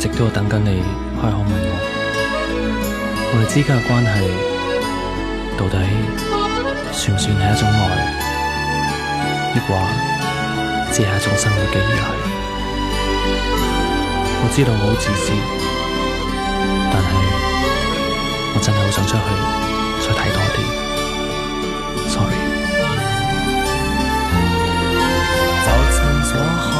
一直都等緊你開口問我，我哋之間嘅關係到底算唔算係一種愛？抑或，只係一種生活嘅依賴。我知道我好自私，但係我真係好想出去再睇多啲。Sorry、嗯。